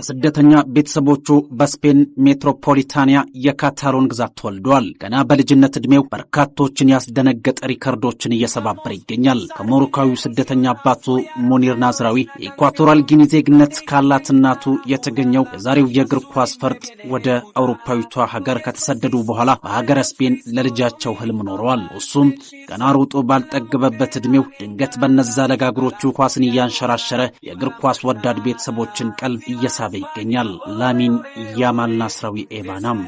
ከስደተኛ ቤተሰቦቹ በስፔን ሜትሮፖሊታንያ የካታሎን ግዛት ተወልዷል። ገና በልጅነት ዕድሜው በርካቶችን ያስደነገጠ ሪከርዶችን እየሰባበረ ይገኛል። ከሞሮካዊው ስደተኛ አባቱ ሙኒር ናዝራዊ የኢኳቶራል ጊኒ ዜግነት ካላት እናቱ የተገኘው የዛሬው የእግር ኳስ ፈርጥ ወደ አውሮፓዊቷ ሀገር ከተሰደዱ በኋላ በሀገረ ስፔን ለልጃቸው ህልም ኖረዋል። እሱም ገና ሩጦ ባልጠገበበት ዕድሜው ድንገት በነዛ ለጋግሮቹ ኳስን እያንሸራሸረ የእግር ኳስ ወዳድ ቤተሰቦችን ቀልብ እየሳ እየተሳበ ይገኛል። ላሚን ያማል፣ ናስራዊ ኤባናም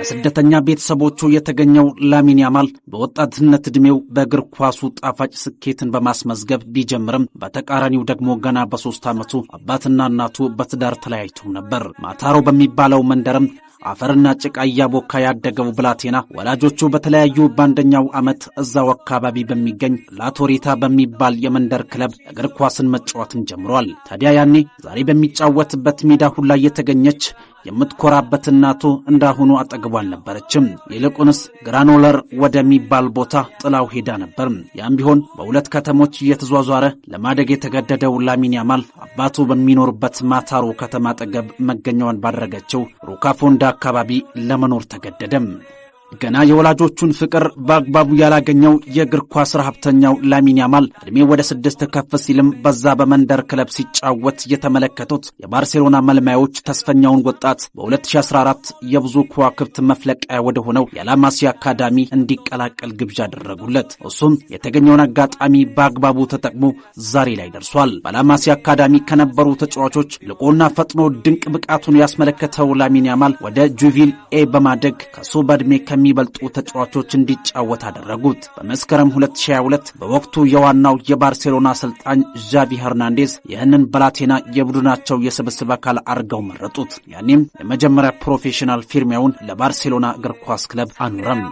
ከስደተኛ ቤተሰቦቹ የተገኘው ላሚን ያማል በወጣትነት ዕድሜው በእግር ኳሱ ጣፋጭ ስኬትን በማስመዝገብ ቢጀምርም በተቃራኒው ደግሞ ገና በሦስት ዓመቱ አባትና እናቱ በትዳር ተለያይተው ነበር። ማታሮ በሚባለው መንደርም አፈርና ጭቃ እያቦካ ያደገው ብላቴና ወላጆቹ በተለያዩ በአንደኛው ዓመት እዛው አካባቢ በሚገኝ ላቶሪታ በሚባል የመንደር ክለብ እግር ኳስን መጫወትን ጀምሯል። ታዲያ ያኔ ዛሬ በሚጫወትበት ሜዳ ሁላ እየተገኘች የምትኮራበት እናቱ እንዳሁኑ አጠገቡ አልነበረችም። ይልቁንስ ግራኖለር ወደሚባል ቦታ ጥላው ሄዳ ነበር። ያም ቢሆን በሁለት ከተሞች እየተዟዟረ ለማደግ የተገደደው ላሚን ያማል አባቱ በሚኖርበት ማታሮ ከተማ አጠገብ መገኛዋን ባደረገችው ሩካፎንዳ አካባቢ ለመኖር ተገደደም። ገና የወላጆቹን ፍቅር በአግባቡ ያላገኘው የእግር ኳስ ረሀብተኛው ላሚን ያማል ዕድሜ ወደ ስድስት ከፍ ሲልም በዛ በመንደር ክለብ ሲጫወት የተመለከቱት የባርሴሎና መልማዮች ተስፈኛውን ወጣት በ2014 የብዙ ከዋክብት መፍለቂያ ወደ ሆነው የላማሲያ አካዳሚ እንዲቀላቀል ግብዣ አደረጉለት። እሱም የተገኘውን አጋጣሚ በአግባቡ ተጠቅሞ ዛሬ ላይ ደርሷል። በላማሲያ አካዳሚ ከነበሩ ተጫዋቾች ልቆና ፈጥኖ ድንቅ ብቃቱን ያስመለከተው ላሚን ያማል ወደ ጁቪል ኤ በማደግ ከሱ በዕድሜ ከሚበልጡ ተጫዋቾች እንዲጫወት አደረጉት። በመስከረም 2022 በወቅቱ የዋናው የባርሴሎና አሰልጣኝ ዣቪ ሄርናንዴዝ ይህንን በላቴና የቡድናቸው የስብስብ አካል አድርገው መረጡት። ያኔም የመጀመሪያ ፕሮፌሽናል ፊርሚያውን ለባርሴሎና እግር ኳስ ክለብ አኑረም።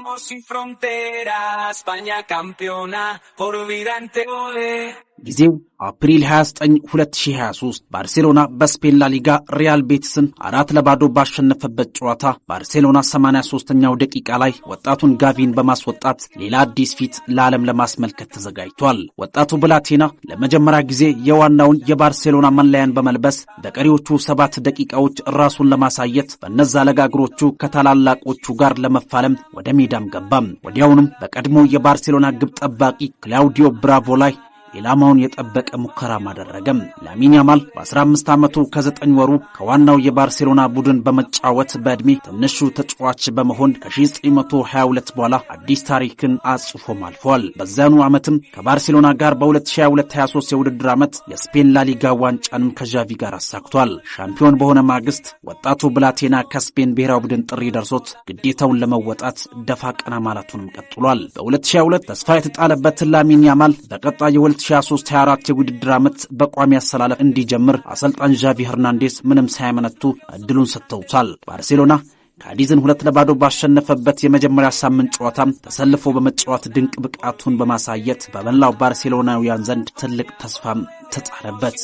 ጊዜው አፕሪል 29 2023 ባርሴሎና በስፔን ላሊጋ ሪያል ቤትስን አራት ለባዶ ባሸነፈበት ጨዋታ ባርሴሎና 83ኛው ደቂቃ ላይ ወጣቱን ጋቪን በማስወጣት ሌላ አዲስ ፊት ለዓለም ለማስመልከት ተዘጋጅቷል። ወጣቱ ብላቴና ለመጀመሪያ ጊዜ የዋናውን የባርሴሎና መለያን በመልበስ በቀሪዎቹ ሰባት ደቂቃዎች ራሱን ለማሳየት በነዛ ለጋግሮቹ ከታላላቆቹ ጋር ለመፋለም ወደ ሜዳም ገባም። ወዲያውኑም በቀድሞ የባርሴሎና ግብ ጠባቂ ክላውዲዮ ብራቮ ላይ ኢላማውን የጠበቀ ሙከራም አደረገም። ላሚን ያማል በ15 ዓመቱ ከ9 ወሩ ከዋናው የባርሴሎና ቡድን በመጫወት በዕድሜ ትንሹ ተጫዋች በመሆን ከ1922 በኋላ አዲስ ታሪክን አጽፎም አልፏል። በዚያኑ ዓመትም ከባርሴሎና ጋር በ2022/23 የውድድር ዓመት የስፔን ላሊጋ ዋንጫንም ከዣቪ ጋር አሳክቷል። ሻምፒዮን በሆነ ማግስት ወጣቱ ብላቴና ከስፔን ብሔራዊ ቡድን ጥሪ ደርሶት ግዴታውን ለመወጣት ደፋ ቀና ማለቱንም ቀጥሏል። በ2022 ተስፋ የተጣለበትን ላሚን ያማል በቀጣይ 2023 24 የውድድር ዓመት በቋሚ አሰላለፍ እንዲጀምር አሰልጣን ዣቪ ሄርናንዴስ ምንም ሳያመነቱ እድሉን ሰጥተውታል። ባርሴሎና ካዲዝን ሁለት ለባዶ ባሸነፈበት የመጀመሪያ ሳምንት ጨዋታም ተሰልፎ በመጫወት ድንቅ ብቃቱን በማሳየት በመላው ባርሴሎናውያን ዘንድ ትልቅ ተስፋም ተጣረበት።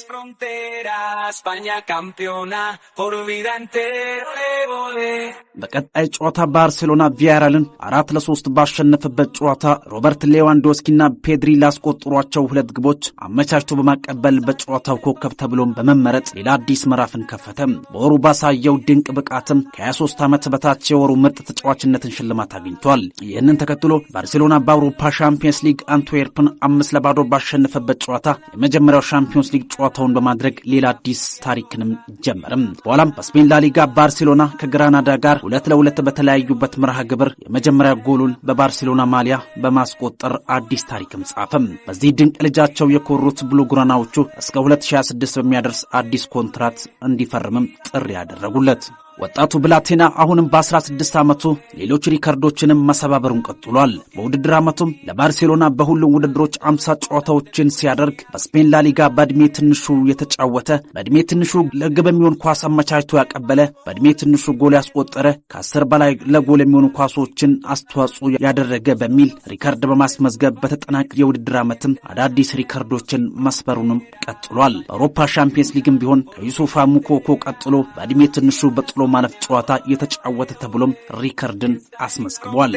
በቀጣይ ጨዋታ ባርሴሎና ቪያራልን አራት ለሶስት ባሸነፈበት ጨዋታ ሮበርት ሌዋንዶስኪና ፔድሪ ላስቆጥሯቸው ሁለት ግቦች አመቻችቶ በማቀበል በጨዋታው ኮከብ ተብሎም በመመረጥ ሌላ አዲስ ምዕራፍን ከፈተ። በወሩ ባሳየው ድንቅ ብቃትም ከ23 ዓመት በታች የወሩ ምርጥ ተጫዋችነትን ሽልማት አግኝቷል። ይህንን ተከትሎ ባርሴሎና በአውሮፓ ሻምፒየንስ ሊግ አንትዌርፕን አምስት ለባዶ ባሸነፈበት ጨዋታ የመጀመሪያው ቻምፒዮንስ ሊግ ጨዋታውን በማድረግ ሌላ አዲስ ታሪክንም ጀመርም። በኋላም በስፔን ላሊጋ ባርሴሎና ከግራናዳ ጋር ሁለት ለሁለት በተለያዩበት መርሃ ግብር የመጀመሪያ ጎሉን በባርሴሎና ማሊያ በማስቆጠር አዲስ ታሪክም ጻፈም። በዚህ ድንቅ ልጃቸው የኮሩት ጉራናዎቹ እስከ 2026 በሚያደርስ አዲስ ኮንትራት እንዲፈርምም ጥሪ ያደረጉለት ወጣቱ ብላቴና አሁንም በ16 ዓመቱ ሌሎች ሪከርዶችንም መሰባበሩን ቀጥሏል። በውድድር ዓመቱም ለባርሴሎና በሁሉም ውድድሮች 50 ጨዋታዎችን ሲያደርግ በስፔን ላሊጋ በዕድሜ ትንሹ የተጫወተ በዕድሜ ትንሹ ለግብ የሚሆን ኳስ አመቻችቶ ያቀበለ በዕድሜ ትንሹ ጎል ያስቆጠረ ከ10 በላይ ለጎል የሚሆኑ ኳሶችን አስተዋጽኦ ያደረገ በሚል ሪከርድ በማስመዝገብ በተጠናቀ የውድድር ዓመትም አዳዲስ ሪከርዶችን መስበሩንም ቀጥሏል። በአውሮፓ ሻምፒየንስ ሊግም ቢሆን ከዩሱፋ ሙኮኮ ቀጥሎ በዕድሜ ትንሹ በጥሎ ጥሎ ማለፍ ጨዋታ የተጫወተ ተብሎም ሪከርድን አስመዝግቧል።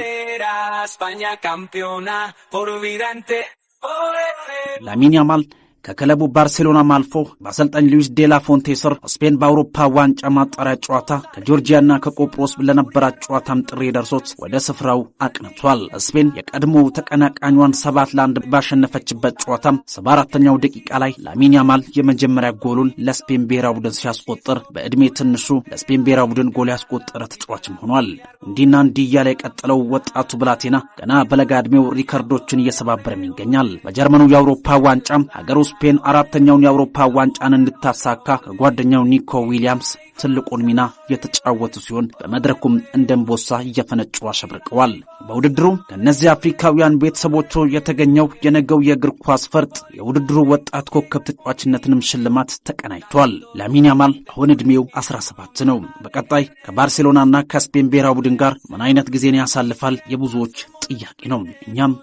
ላሚን ያማል ከክለቡ ባርሴሎናም አልፎ በአሰልጣኝ ሉዊስ ዴላ ፎንቴ ስር ስፔን በአውሮፓ ዋንጫ ማጣሪያ ጨዋታ ከጆርጂያና ከቆጵሮስ ለነበራት ጨዋታም ጥሪ ደርሶት ወደ ስፍራው አቅንቷል። ስፔን የቀድሞ ተቀናቃኟን ሰባት ለአንድ ባሸነፈችበት ጨዋታም ሰባ አራተኛው ደቂቃ ላይ ላሚን ያማል የመጀመሪያ ጎሉን ለስፔን ብሔራዊ ቡድን ሲያስቆጥር በዕድሜ ትንሹ ለስፔን ብሔራዊ ቡድን ጎል ያስቆጠረ ተጫዋችም ሆኗል። እንዲና እንዲህ እያለ የቀጠለው ወጣቱ ብላቴና ገና በለጋ ዕድሜው ሪከርዶችን እየሰባበረም ይገኛል። በጀርመኑ የአውሮፓ ዋንጫም ሀገር ውስጥ ስፔን አራተኛውን የአውሮፓ ዋንጫን እንድታሳካ ከጓደኛው ኒኮ ዊሊያምስ ትልቁን ሚና የተጫወቱ ሲሆን በመድረኩም እንደንቦሳ እየፈነጩ አሸብርቀዋል። በውድድሩ ከእነዚህ አፍሪካውያን ቤተሰቦቹ የተገኘው የነገው የእግር ኳስ ፈርጥ የውድድሩ ወጣት ኮከብ ተጫዋችነትንም ሽልማት ተቀናጅቷል። ላሚን ያማል አሁን ዕድሜው 17 ነው። በቀጣይ ከባርሴሎናና ከስፔን ብሔራዊ ቡድን ጋር ምን አይነት ጊዜን ያሳልፋል የብዙዎች ጥያቄ ነው። እኛም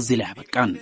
እዚህ ላይ አበቃን።